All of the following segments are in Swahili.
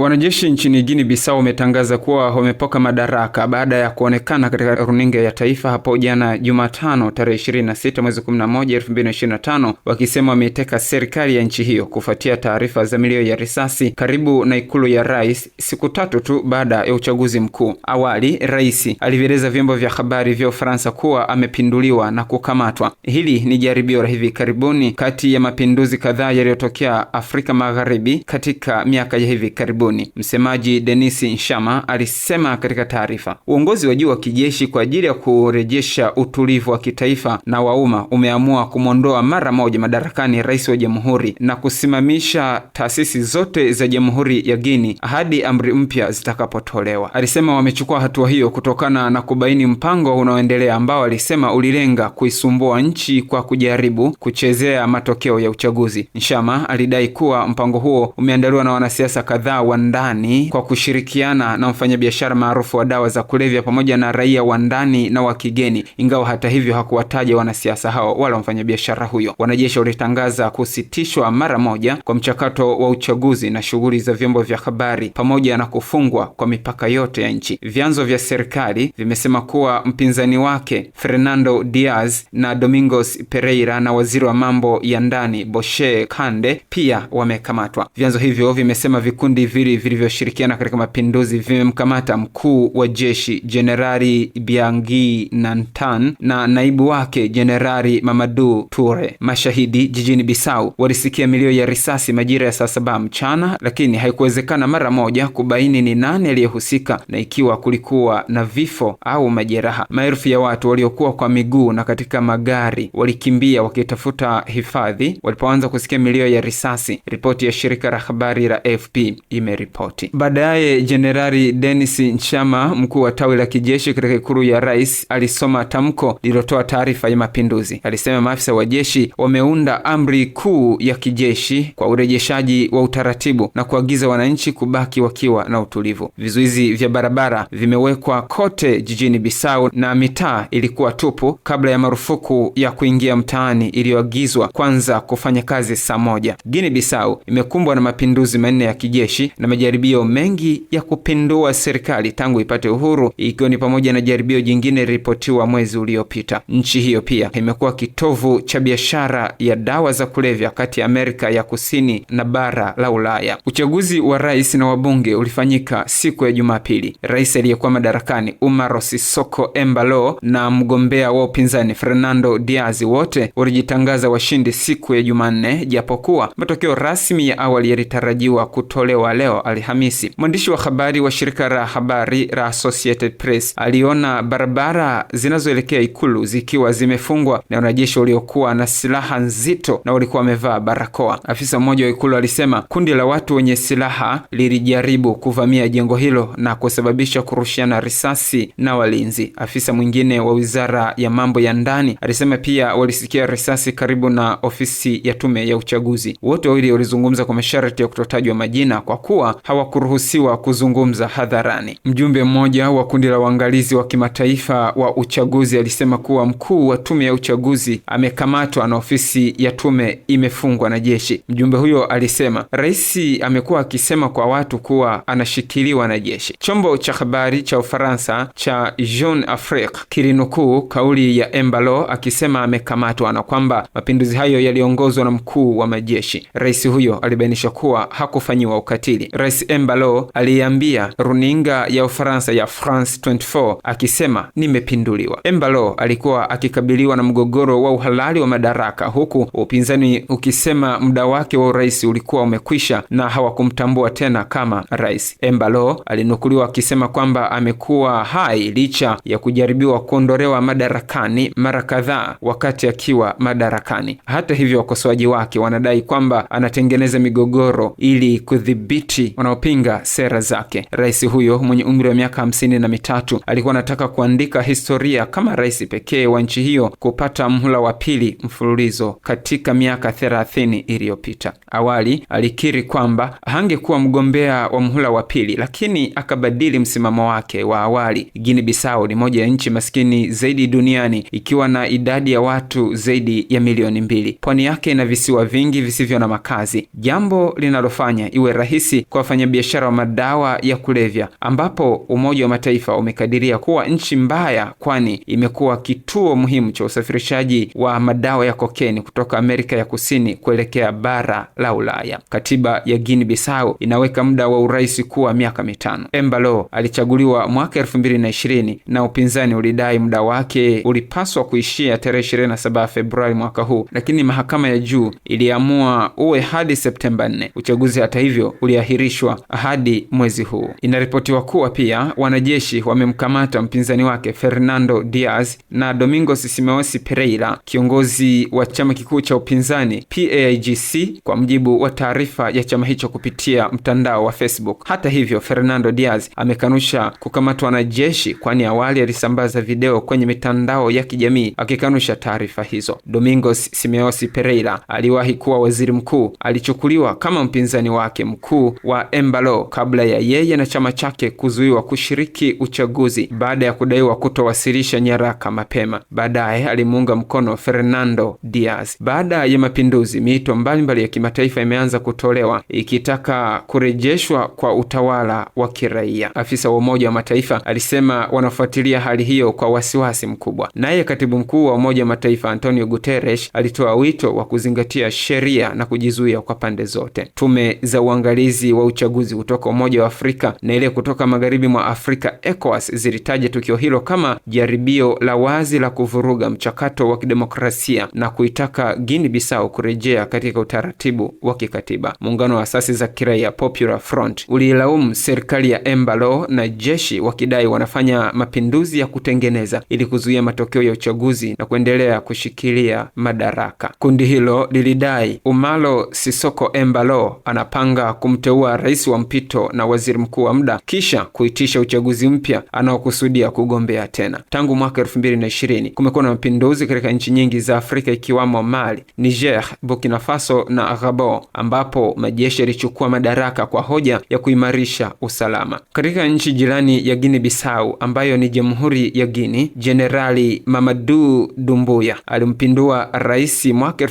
Wanajeshi nchini Guinea Bissau wametangaza kuwa wamepoka madaraka baada ya kuonekana katika runinga ya taifa hapo jana Jumatano tarehe 26 mwezi 11 2025, wakisema wameiteka serikali ya nchi hiyo kufuatia taarifa za milio ya risasi karibu na ikulu ya rais siku tatu tu baada ya uchaguzi mkuu. Awali rais alivieleza vyombo vya habari vya Ufaransa kuwa amepinduliwa na kukamatwa. Hili ni jaribio la hivi karibuni kati ya mapinduzi kadhaa yaliyotokea Afrika Magharibi katika miaka ya hivi karibuni. Kameruni. Msemaji Denis Nshama alisema katika taarifa, uongozi wa juu wa kijeshi kwa ajili ya kurejesha utulivu wa kitaifa na wa umma umeamua kumwondoa mara moja madarakani rais wa jamhuri na kusimamisha taasisi zote za jamhuri ya Guini hadi amri mpya zitakapotolewa. Alisema wamechukua hatua hiyo kutokana na kubaini mpango unaoendelea ambao alisema ulilenga kuisumbua nchi kwa kujaribu kuchezea matokeo ya uchaguzi. Nshama alidai kuwa mpango huo umeandaliwa na wanasiasa kadhaa wa ndani kwa kushirikiana na mfanyabiashara maarufu wa dawa za kulevya pamoja na raia wa ndani na wa kigeni, ingawa hata hivyo hakuwataja wanasiasa hao wala mfanyabiashara huyo. Wanajeshi walitangaza kusitishwa mara moja kwa mchakato wa uchaguzi na shughuli za vyombo vya habari pamoja na kufungwa kwa mipaka yote ya nchi. Vyanzo vya serikali vimesema kuwa mpinzani wake Fernando Diaz na Domingos Pereira na waziri wa mambo ya ndani Boshe Kande pia wamekamatwa. Vyanzo hivyo vimesema vikundi vi viwili vilivyoshirikiana katika mapinduzi vimemkamata mkuu wa jeshi Jenerali Biangi Nantan na naibu wake Jenerali Mamadu Ture. Mashahidi jijini Bisau walisikia milio ya risasi majira ya saa saba mchana, lakini haikuwezekana mara moja kubaini ni nani aliyehusika na ikiwa kulikuwa na vifo au majeraha. Maelfu ya watu waliokuwa kwa miguu na katika magari walikimbia wakitafuta hifadhi walipoanza kusikia milio ya risasi. Ripoti ya shirika la habari la AFP ime ameripoti. Baadaye Jenerali Denis Nchama, mkuu wa tawi la kijeshi katika ikulu ya rais, alisoma tamko lililotoa taarifa ya mapinduzi. Alisema maafisa wa jeshi wameunda amri kuu ya kijeshi kwa urejeshaji wa utaratibu na kuagiza wananchi kubaki wakiwa na utulivu. Vizuizi vya barabara vimewekwa kote jijini Bisau na mitaa ilikuwa tupu kabla ya marufuku ya kuingia mtaani iliyoagizwa kwanza kufanya kazi saa moja. Guinea bisau imekumbwa na mapinduzi manne ya kijeshi na majaribio mengi ya kupindua serikali tangu ipate uhuru, ikiwa ni pamoja na jaribio jingine ripotiwa mwezi uliopita. Nchi hiyo pia imekuwa kitovu cha biashara ya dawa za kulevya kati ya Amerika ya Kusini na bara la Ulaya. Uchaguzi wa rais na wabunge ulifanyika siku ya Jumapili. Rais aliyekuwa madarakani Umaro Sissoco Embalo na mgombea wa upinzani Fernando Diaz wote walijitangaza washindi siku ya Jumanne, japokuwa matokeo rasmi ya awali yalitarajiwa kutolewa leo leo Alhamisi. Mwandishi wa habari wa shirika la habari la Associated Press aliona barabara zinazoelekea ikulu zikiwa zimefungwa na wanajeshi waliokuwa na silaha nzito na walikuwa wamevaa barakoa. Afisa mmoja wa ikulu alisema kundi la watu wenye silaha lilijaribu kuvamia jengo hilo na kusababisha kurushiana risasi na walinzi. Afisa mwingine wa wizara ya mambo ya ndani alisema pia walisikia risasi karibu na ofisi ya tume ya uchaguzi. Wote wawili walizungumza kwa masharti ya kutotajwa majina kwa kuwa kuwa hawakuruhusiwa kuzungumza hadharani. Mjumbe mmoja wa kundi la uangalizi wa kimataifa wa uchaguzi alisema kuwa mkuu wa tume ya uchaguzi amekamatwa na ofisi ya tume imefungwa na jeshi. Mjumbe huyo alisema rais amekuwa akisema kwa watu kuwa anashikiliwa na jeshi. Chombo cha habari cha Ufaransa cha Jeune Afrique kilinukuu kauli ya Embalo akisema amekamatwa na kwamba mapinduzi hayo yaliongozwa na mkuu wa majeshi. Rais huyo alibainisha kuwa hakufanyiwa ukatili. Rais Embalo aliambia runinga ya Ufaransa ya France 24 akisema nimepinduliwa. Embalo alikuwa akikabiliwa na mgogoro wa uhalali wa madaraka, huku upinzani ukisema muda wake wa urais ulikuwa umekwisha na hawakumtambua tena kama rais. Embalo alinukuliwa akisema kwamba amekuwa hai licha ya kujaribiwa kuondolewa madarakani mara kadhaa wakati akiwa madarakani. Hata hivyo, wakosoaji wake wanadai kwamba anatengeneza migogoro ili kudhibiti wananchi wanaopinga sera zake. Rais huyo mwenye umri wa miaka hamsini na mitatu alikuwa anataka kuandika historia kama rais pekee wa nchi hiyo kupata mhula wa pili mfululizo katika miaka thelathini iliyopita. Awali alikiri kwamba hangekuwa mgombea wa mhula wa pili, lakini akabadili msimamo wake wa awali. Guinea Bissau ni moja ya nchi maskini zaidi duniani ikiwa na idadi ya watu zaidi ya milioni mbili. Pwani yake ina visiwa vingi visivyo na makazi, jambo linalofanya iwe rahisi kwa wafanyabiashara wa madawa ya kulevya, ambapo Umoja wa Mataifa umekadiria kuwa nchi mbaya, kwani imekuwa kituo muhimu cha usafirishaji wa madawa ya kokeni kutoka Amerika ya Kusini kuelekea bara la Ulaya. Katiba ya Guinea Bissau inaweka muda wa urais kuwa miaka mitano. Embalo alichaguliwa mwaka elfu mbili na ishirini na upinzani ulidai muda wake ulipaswa kuishia tarehe 27 Februari mwaka huu, lakini mahakama ya juu iliamua uwe hadi Septemba 4. Uchaguzi hata hivyo uliahi kuahirishwa hadi mwezi huu. Inaripotiwa kuwa pia wanajeshi wamemkamata mpinzani wake Fernando Diaz na Domingos Simeosi Pereira, kiongozi wa chama kikuu cha upinzani PAIGC, kwa mujibu wa taarifa ya chama hicho kupitia mtandao wa Facebook. Hata hivyo, Fernando Diaz amekanusha kukamatwa na jeshi, kwani awali alisambaza video kwenye mitandao ya kijamii akikanusha taarifa hizo. Domingos Simeosi Pereira aliwahi kuwa waziri mkuu, alichukuliwa kama mpinzani wake mkuu wa Embalo kabla ya yeye na chama chake kuzuiwa kushiriki uchaguzi baada ya kudaiwa kutowasilisha nyaraka mapema. Baadaye alimuunga mkono Fernando Diaz. Baada ya mapinduzi, miito mbalimbali ya kimataifa imeanza kutolewa ikitaka kurejeshwa kwa utawala wa kiraia. Afisa wa Umoja wa Mataifa alisema wanafuatilia hali hiyo kwa wasiwasi mkubwa. Naye katibu mkuu wa Umoja wa Mataifa Antonio Guterres alitoa wito wa kuzingatia sheria na kujizuia kwa pande zote. Tume za uangalizi wa uchaguzi kutoka Umoja wa Afrika na ile kutoka magharibi mwa Afrika ECOWAS zilitaja tukio hilo kama jaribio la wazi la kuvuruga mchakato wa kidemokrasia na kuitaka Guinea Bissau kurejea katika utaratibu wa kikatiba. Muungano wa asasi za kiraia Popular Front uliilaumu serikali ya Embalo na jeshi wakidai wanafanya mapinduzi ya kutengeneza ili kuzuia matokeo ya uchaguzi na kuendelea kushikilia madaraka. Kundi hilo lilidai Umalo Sisoko Embalo anapanga kumteua kumteua rais wa mpito na waziri mkuu wa muda kisha kuitisha uchaguzi mpya anaokusudia kugombea tena. Tangu mwaka ishirini kumekuwa na mapinduzi katika nchi nyingi za Afrika ikiwamo Mali, Niger, Burkina Faso na Gabon, ambapo majeshi yalichukua madaraka kwa hoja ya kuimarisha usalama. Katika nchi jirani ya Guinea Bissau ambayo ni jamhuri ya Guini, Jenerali Mamadu Dumbuya alimpindua rais mwaka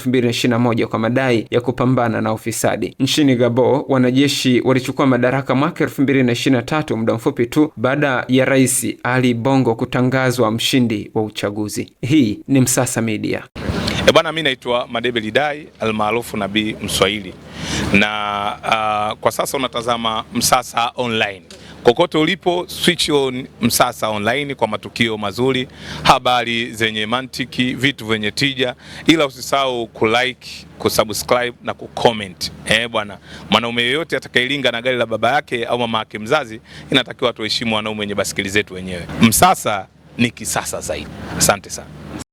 moja kwa madai ya kupambana na ufisadi. Nchini Gabon, wanajeshi wanajeshi walichukua madaraka mwaka tatu muda mfupi tu baada ya Rais Ali Bongo kutangazwa mshindi wa uchaguzi. Hii ni Msasa Media. E bwana, mi naitwa Madebe Lidai almaarufu Nabii Mswahili na uh, kwa sasa unatazama Msasa Online. Kokote ulipo switch on Msasa Online kwa matukio mazuri, habari zenye mantiki, vitu vyenye tija, ila usisahau kulike, kusubscribe na kucomment. Eh bwana, mwanaume yeyote atakayelinga na gari la baba yake au mama yake mzazi, inatakiwa tuheshimu wanaume wenye basikeli zetu wenyewe. Msasa ni kisasa zaidi. Asante sana.